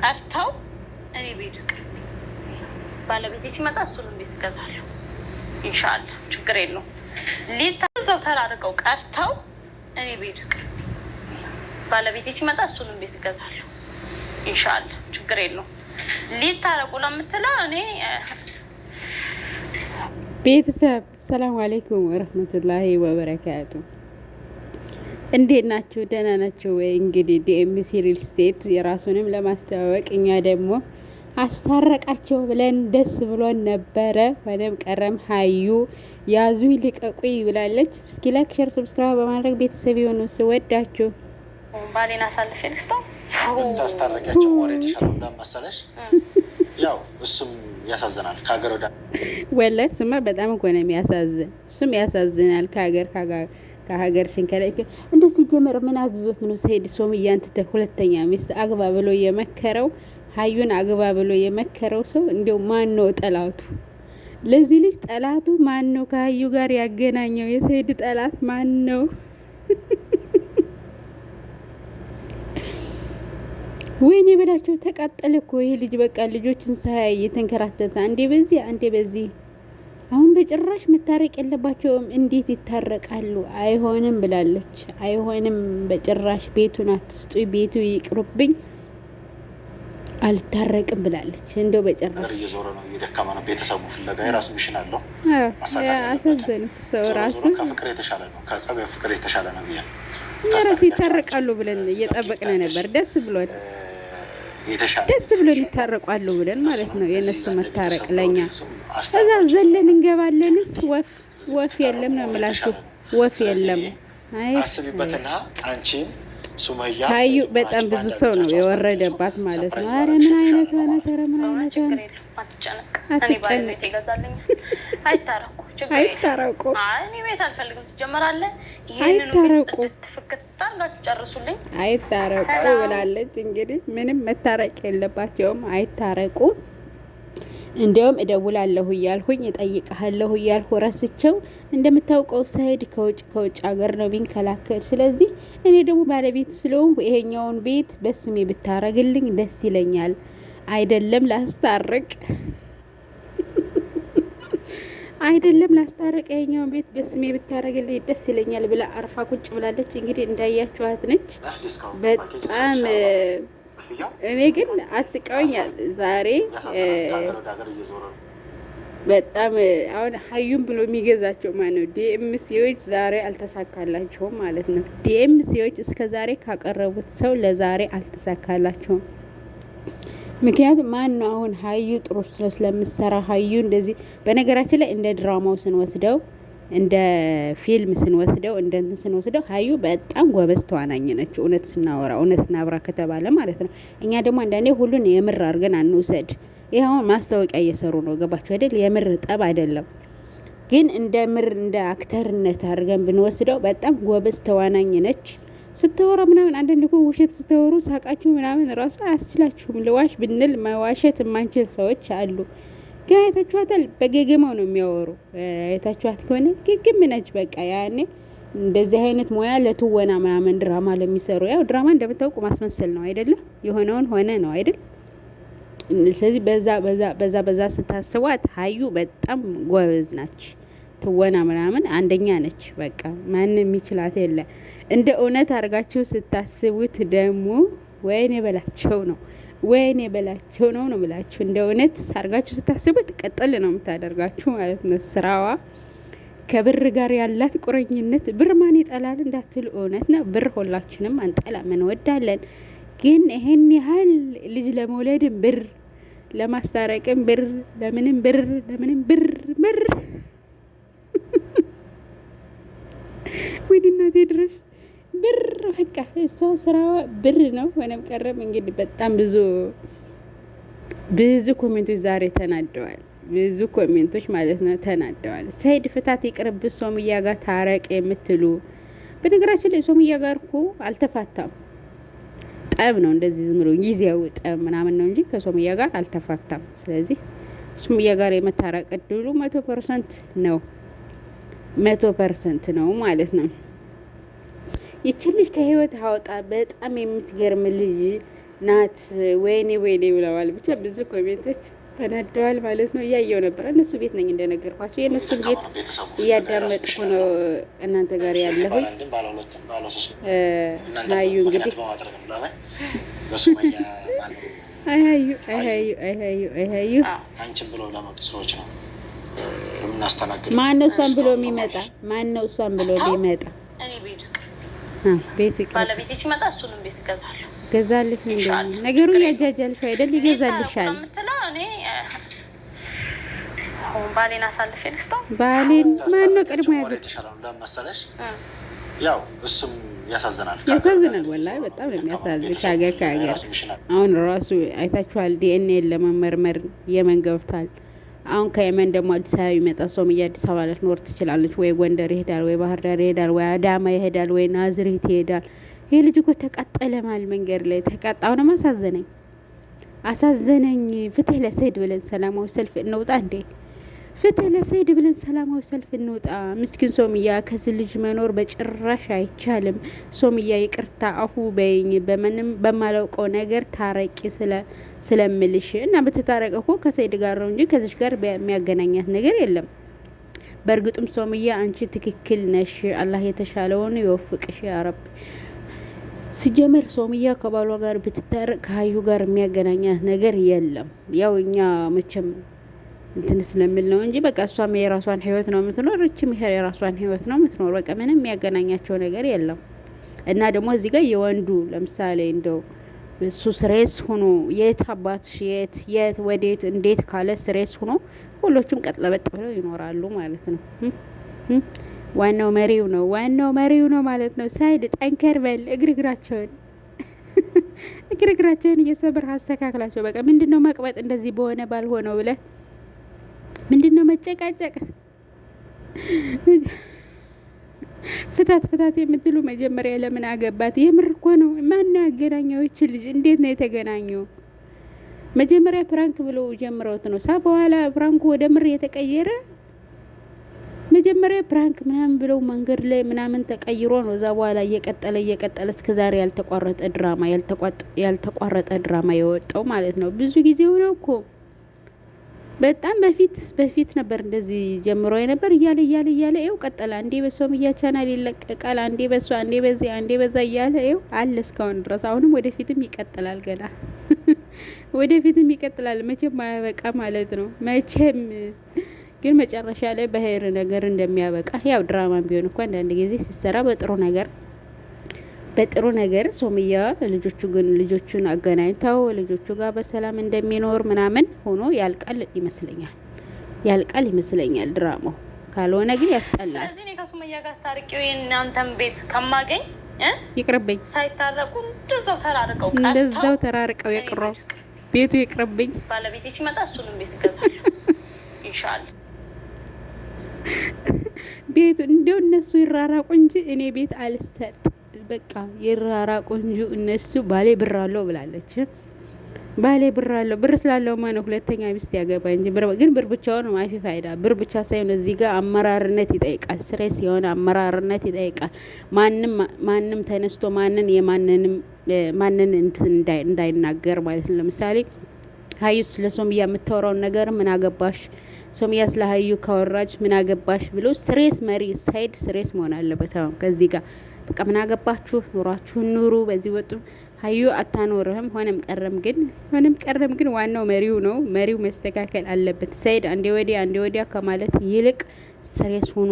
ቀርተው እኔ ቤት ባለቤቴ ሲመጣ እሱንም ቤት እገዛለሁ። ኢንሻላህ ችግር የለው። ሊታዘው ተራርቀው ቀርተው እኔ ቤት ባለቤቴ ሲመጣ እሱንም ቤት እገዛለሁ። ኢንሻላህ ችግር የለው። ሊታረቁ ለምትለው እኔ ቤተሰብ ሰላም አሌይኩም ወረህመቱላሂ ወበረካቱ እንዴት ናችሁ? ደህና ናችሁ ወይ? እንግዲህ ዲኤምሲ ሪል ስቴት የራሱንም ለማስተዋወቅ እኛ ደግሞ አስታረቃቸው ብለን ደስ ብሎን ነበረ። ሆነም ቀረም ሀዩ ያዙ ልቀቁኝ ብላለች። እስኪ ላይክ፣ ሸር፣ ሰብስክራይብ በማድረግ ቤተሰብ የሆኑ ስወዳችሁ ባሌን አሳልፌ ልስታ ታስታረቂያቸው ወሬ የተሻለው እንዳመሰለሽ ያው እሱም ያሳዝናል ከሀገር ወደ ወላሂ እሱማ በጣም እኮ ነው የሚያሳዝን። እሱም ያሳዝናል ከሀገር ከሀገር ሽንከላይ እንደ ሲጀመር ምን አዝዞት ነው ሰይድ ሱመያን ትተ ሁለተኛ ሚስት አግባ ብሎ የመከረው ሀዩን አግባ ብሎ የመከረው ሰው እንዲው ማን ነው ጠላቱ? ለዚህ ልጅ ጠላቱ ማን ነው? ከሀዩ ጋር ያገናኘው የሰኢድ ጠላት ማን ነው? ወይኔ በላቸው ተቃጠለ እኮ ይህ ልጅ። በቃ ልጆችን ሳያይ እየተንከራተተ አንዴ በዚህ አንዴ በዚህ አሁን በጭራሽ መታረቅ የለባቸውም። እንዴት ይታረቃሉ? አይሆንም ብላለች። አይሆንም በጭራሽ ቤቱን አትስጡ፣ ቤቱ ይቅሩብኝ፣ አልታረቅም ብላለች። እንደው በጭራሽ እየዞረ ነው፣ እየደከመ ነው። ቤተሰቡ ፍለጋ የራሱ ሚሽን አለው። አሳዘኑት ሰው ራሱ ከፍቅር የተሻለ ነው፣ ከጸብ ፍቅር የተሻለ ነው ብዬ እራሱ ይታረቃሉ ብለን እየጠበቅን ነበር። ደስ ብሏል። ደስ ብሎ ይታረቋሉ ብለን ማለት ነው። የእነሱ መታረቅ ለኛ እዛ ዘለን እንገባለንስ ወፍ ወፍ የለም ነው የምላችሁ። ወፍ የለም። ታዩ በጣም ብዙ ሰው ነው የወረደባት ማለት ነው። አረ ምን አይነት ሆነ? ተረ ምን አይነት ሆነ? አትጨነቅ አይታረቁ። እኔ ቤት አልፈልግም። ሲጀመራለ ይህንን ትፍክት ጨርሱልኝ። አይታረቁ ብላለች። እንግዲህ ምንም መታረቅ የለባቸውም። አይታረቁ እንዲያውም እደውላለሁ እያልሁኝ እጠይቅሃለሁ እያልሁ ረስቸው። እንደምታውቀው ሰኢድ ከውጭ ከውጭ ሀገር ነው ቢንከላከል። ስለዚህ እኔ ደግሞ ባለቤት ስለሆንኩ ይሄኛውን ቤት በስሜ ብታረግልኝ ደስ ይለኛል። አይደለም ላስታርቅ አይደለም ላስታረቀ የኛውን ቤት በስሜ ብታደርግልኝ ደስ ይለኛል ብላ አርፋ ቁጭ ብላለች። እንግዲህ እንዳያችኋት ነች። በጣም እኔ ግን አስቀውኛል ዛሬ በጣም አሁን ሀዩም ብሎ የሚገዛቸው ማለት ነው። ዲኤምሲዎች ዛሬ አልተሳካላቸውም ማለት ነው። ዲኤምሲዎች እስከ ዛሬ ካቀረቡት ሰው ለዛሬ አልተሳካላቸውም። ምክንያቱም ማን ነው አሁን ሀዩ ጥሩ ስለምሰራ ሀዩ እንደዚህ በነገራችን ላይ እንደ ድራማው ስንወስደው እንደ ፊልም ስንወስደው እንደ እንትን ስንወስደው ሀዩ በጣም ጎበዝ ተዋናኝ ነች። እውነት ስናወራ እውነት እናብራ ከተባለ ማለት ነው። እኛ ደግሞ አንዳንዴ ሁሉን የምር አድርገን አንውሰድ። ይህ አሁን ማስታወቂያ እየሰሩ ነው። ገባችሁ አይደል? የምር ጠብ አይደለም፣ ግን እንደ ምር እንደ አክተርነት አድርገን ብንወስደው በጣም ጎበዝ ተዋናኝ ነች። ስታወራ ምናምን አንዳንድ እኮ ውሸት ስታወሩ ሳቃችሁ ምናምን ራሱ አያስችላችሁም። ለዋሽ ብንል መዋሸት የማንችል ሰዎች አሉ። ግን አይታችኋታል፣ በገገማው ነው የሚያወሩ። አይታችኋት ከሆነ ግግም ነች። በቃ ያኔ እንደዚህ አይነት ሙያ ለትወና ምናምን ድራማ ለሚሰሩ ያው ድራማ እንደምታውቁ ማስመሰል ነው አይደለ? የሆነውን ሆነ ነው አይደል? ስለዚህ በዛ በዛ በዛ በዛ ስታስቧት ሀዩ በጣም ጎበዝ ናች። ትወና ምናምን አንደኛ ነች። በቃ ማንም የሚችላት የለ። እንደ እውነት አድርጋችሁ ስታስቡት ደግሞ ወይኔ በላቸው ነው ወይኔ በላቸው ነው ነው ብላችሁ እንደ እውነት አድርጋችሁ ስታስቡት ቀጥል ነው የምታደርጋችሁ ማለት ነው። ስራዋ ከብር ጋር ያላት ቁርኝነት ብር ማን ይጠላል እንዳትሉ እውነት ነው። ብር ሁላችንም አንጠላም እንወዳለን። ግን ይሄን ያህል ልጅ ለመውለድም ብር ለማስታረቅም ብር ለምንም ብር ለምንም ብር ብር ወይ ድናቴ ድረሽ ብር በቃ እሷ ስራዋ ብር ነው። ሆነም ቀረም እንግዲህ በጣም ብዙ ብዙ ኮሜንቶች ዛሬ ተናደዋል። ብዙ ኮሜንቶች ማለት ነው ተናደዋል። ሰይድ ፍታት ይቅርብ፣ ሶምያ ጋር ታረቅ የምትሉ በነገራችን ላይ ሶምያ ጋር እኮ አልተፋታም። ጠብ ነው እንደዚህ ዝም ብሎ ጊዜያዊ ጠብ ምናምን ነው እንጂ ከሶምያ ጋር አልተፋታም። ስለዚህ ሶምያ ጋር የመታረቅ እድሉ መቶ ፐርሰንት ነው። መቶ ፐርሰንት ነው ማለት ነው። ይቺ ልጅ ከህይወት አወጣ በጣም የምትገርም ልጅ ናት። ወይኔ ወይኔ ብለዋል። ብቻ ብዙ ኮሜንቶች ተናደዋል ማለት ነው። እያየው ነበረ። እነሱ ቤት ነኝ እንደነገርኳቸው የእነሱ ቤት እያዳመጥኩ ነው እናንተ ጋር ያለሁ ሀዩ እንግዲህ አይ ሀዩ አይ ሀዩ አንቺን ብሎ ለመጡ ሰዎች ነው እናስተናግድ። ማን ነው እሷን ብሎ የሚመጣ? ማን ነው እሷን ብሎ ሊመጣ? ቤት ባለቤቴ ሲመጣ እሱንም ቤት እገዛለሁ። ገዛልሽ እንደ ነገሩ ያጃጃልሽ አይደል? ይገዛልሻል። ባሌን አሳልፌ ልስጠው። ባሌን ማነው ቀድሞ ያገባሽ? ያው እሱም ያሳዝናል፣ ያሳዝናል። ወላሂ በጣም ነው የሚያሳዝን። ከሀገር ከሀገር አሁን ራሱ አይታችኋል። ዲኤንኤ ለመመርመር የመን ገብቷል። አሁን ከየመን ደግሞ አዲስ አበባ ይመጣ ሰውም አዲስ አበባ ልትኖር ትችላለች። ወይ ጎንደር ይሄዳል፣ ወይ ባህር ዳር ይሄዳል፣ ወይ አዳማ ይሄዳል፣ ወይ ናዝሬት ይሄዳል። ይህ ልጅ እኮ ተቃጠለ ማል መንገድ ላይ ተቃጣ። አሁንም አሳዘነኝ አሳዘነኝ። ፍትህ ለሰይድ ብለን ሰላማዊ ሰልፍ እንውጣ እንዴ! ፍትህ ለሰይድ ብለን ሰላማዊ ሰልፍ እንውጣ። ምስኪን ሶምያ ከዚህ ልጅ መኖር በጭራሽ አይቻልም። ሶምያ ይቅርታ አፉ በይኝ፣ በምንም በማላውቀው ነገር ታረቂ ስለምልሽ እና ብትታረቀ እኮ ከሰይድ ጋር ነው እንጂ ከዚች ጋር የሚያገናኛት ነገር የለም። በእርግጡም ሶምያ አንቺ ትክክል ነሽ። አላህ የተሻለውን ይወፍቅሽ ያረብ። ሲጀመር ሶምያ ከባሏ ጋር ብትታረቅ ከሀዩ ጋር የሚያገናኛት ነገር የለም። ያው እኛ መቼም እንትን ስለምል ነው እንጂ በቃ እሷም የራሷን ህይወት ነው የምትኖር፣ እችም የራሷን ህይወት ነው የምትኖር። በቃ ምንም የሚያገናኛቸው ነገር የለም። እና ደግሞ እዚህ ጋር የወንዱ ለምሳሌ እንደው እሱ ስሬስ ሆኖ የት አባትሽ የት የት ወዴት እንዴት ካለ ስሬስ ሆኖ ሁሎቹም ቀጥለበጥ ብለው ይኖራሉ ማለት ነው። ዋናው መሪው ነው ዋናው መሪው ነው ማለት ነው። ሳይድ ጠንከር በል እግርግራቸውን እግርግራቸውን እየሰብር አስተካክላቸው። በቃ ምንድን ነው መቅበጥ እንደዚህ በሆነ ባልሆነው ብለህ ምንድን ነው መጨቃጨቅ? ፍታት ፍታት የምትሉ መጀመሪያ ለምን አገባት? የምር እኮ ነው። ማነው ያገናኘው? ይች ልጅ እንዴት ነው የተገናኘው? መጀመሪያ ፕራንክ ብሎ ጀምረውት ነው ሳ በኋላ ፕራንኩ ወደ ምር የተቀየረ መጀመሪያ ፕራንክ ምናምን ብለው መንገድ ላይ ምናምን ተቀይሮ ነው እዛ በኋላ እየቀጠለ እየቀጠለ እስከ ዛሬ ያልተቋረጠ ድራማ ያልተቋረጠ ድራማ የወጣው ማለት ነው። ብዙ ጊዜ ሆነ እኮ በጣም በፊት በፊት ነበር እንደዚህ ጀምሮ የነበር እያለ እያለ እያለ ይኸው ቀጠለ። አንዴ በሰውም እያቻናል ይለቀቃል፣ አንዴ በሱ አንዴ በዚህ፣ አንዴ በዛ እያለ ይኸው አለ እስካሁን ድረስ። አሁንም ወደፊትም ይቀጥላል፣ ገና ወደፊትም ይቀጥላል። መቼም አያበቃ ማለት ነው። መቼም ግን መጨረሻ ላይ በሀይር ነገር እንደሚያበቃ ያው ድራማም ቢሆን እኮ አንዳንድ ጊዜ ሲሰራ በጥሩ ነገር በጥሩ ነገር ሶምያ ልጆቹ ግን ልጆቹን አገናኝተው ልጆቹ ጋር በሰላም እንደሚኖር ምናምን ሆኖ ያልቃል ይመስለኛል። ያልቃል ይመስለኛል ድራማው። ካልሆነ ግን ያስጠላል። ስለዚህ እኔ ከሱመያ ጋር አስታርቂው የእናንተን ቤት ከማገኝ ይቅርብኝ። ሳይታረቁ እንደዛው ተራርቀው እንደዛው ተራርቀው የቅረው ቤቱ ይቅርብኝ። ባለቤቴ ሲመጣ እሱንም ቤት ይገዛል ይሻል ቤቱ እንደው እነሱ ይራራቁ እንጂ እኔ ቤት አልሰጥ በቃ የራራ ቆንጆ እነሱ ባሌ ብር አለው ብላለች። ባሌ ብር አለው ብር ስላለው ማነው ሁለተኛ ሚስት ያገባ እንጂ ብር ግን ብር ብቻውን ማይፊ ፋይዳ ብር ብቻ ሳይሆን እዚህ ጋር አመራርነት ይጠይቃል። ስሬስ የሆነ አመራርነት ይጠይቃል። ማንም ማንም ተነስቶ ማንን የማንንም ማንን እንትን እንዳይናገር ማለት ነው። ለምሳሌ ሀዩ ስለ ሶምያ የምታወራውን ነገር ምን አገባሽ ሶሚያ ስለ ሀዩ ካወራች ምን አገባሽ ብሎ ስሬስ መሪ ሳይድ ስሬስ መሆን አለበት። አሁን ከዚህ ጋር በቃ ምን አገባችሁ፣ ኑሯችሁን ኑሩ። በዚህ ወጡ ሀዩ አታኖርህም። ሆነም ቀረም ግን ሆነም ቀረም ግን ዋናው መሪው ነው። መሪው መስተካከል አለበት። ሳይድ አንዴ ወዲያ አንዴ ወዲያ ከማለት ይልቅ ስሬስ ሆኖ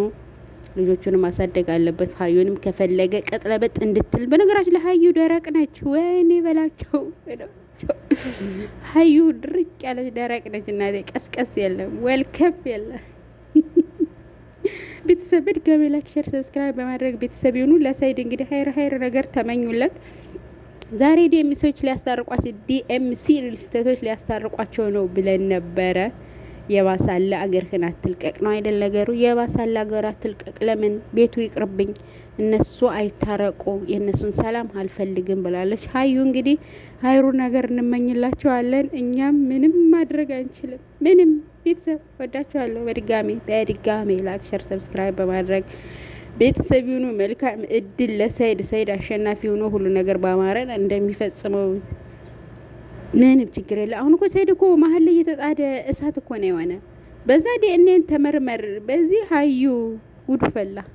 ልጆቹን ማሳደግ አለበት። ሀዩንም ከፈለገ ቀጥለበጥ እንድትል። በነገራችን ለሀዩ ደረቅ ነች። ወይኔ በላቸው ናቸው። ሀዩ ድርቅ ያለች ደረቅ ነች እና ቀስቀስ የለም ወልከፍ የለም። ቤተሰብ ድጋሜ ላይክ፣ ሸር፣ ሰብስክራይብ በማድረግ ቤተሰብ ይሁኑ። ለሳይድ እንግዲህ ሀይር ሀይር ነገር ተመኙለት። ዛሬ ዲኤምሲዎች ሊያስታርቋቸው ዲኤምሲ ሪልስቴቶች ሊያስታርቋቸው ነው ብለን ነበረ። የባሳለ አገርህን አትልቀቅ ነው አይደል ነገሩ። የባሳለ አገር አትልቀቅ ለምን ቤቱ ይቅርብኝ፣ እነሱ አይታረቁ፣ የእነሱን ሰላም አልፈልግም ብላለች ሀዩ። እንግዲህ ሀይሩ ነገር እንመኝላቸዋለን። እኛም ምንም ማድረግ አንችልም። ምንም ቤተሰብ ወዳችኋለሁ። በድጋሜ በድጋሜ ላይክ፣ ሸር፣ ሰብስክራይብ በማድረግ ቤተሰብ ይሁኑ። መልካም እድል ለሰይድ። ሰይድ አሸናፊ ሆኖ ሁሉ ነገር ባማረን እንደሚፈጽመው ምንም ችግር የለ። አሁን እኮ ሰይድ እኮ መሀል ላይ እየተጣደ እሳት እኮ ነው የሆነ። በዛ ዲ እኔን ተመርመር፣ በዚህ ሀዩ ጉድ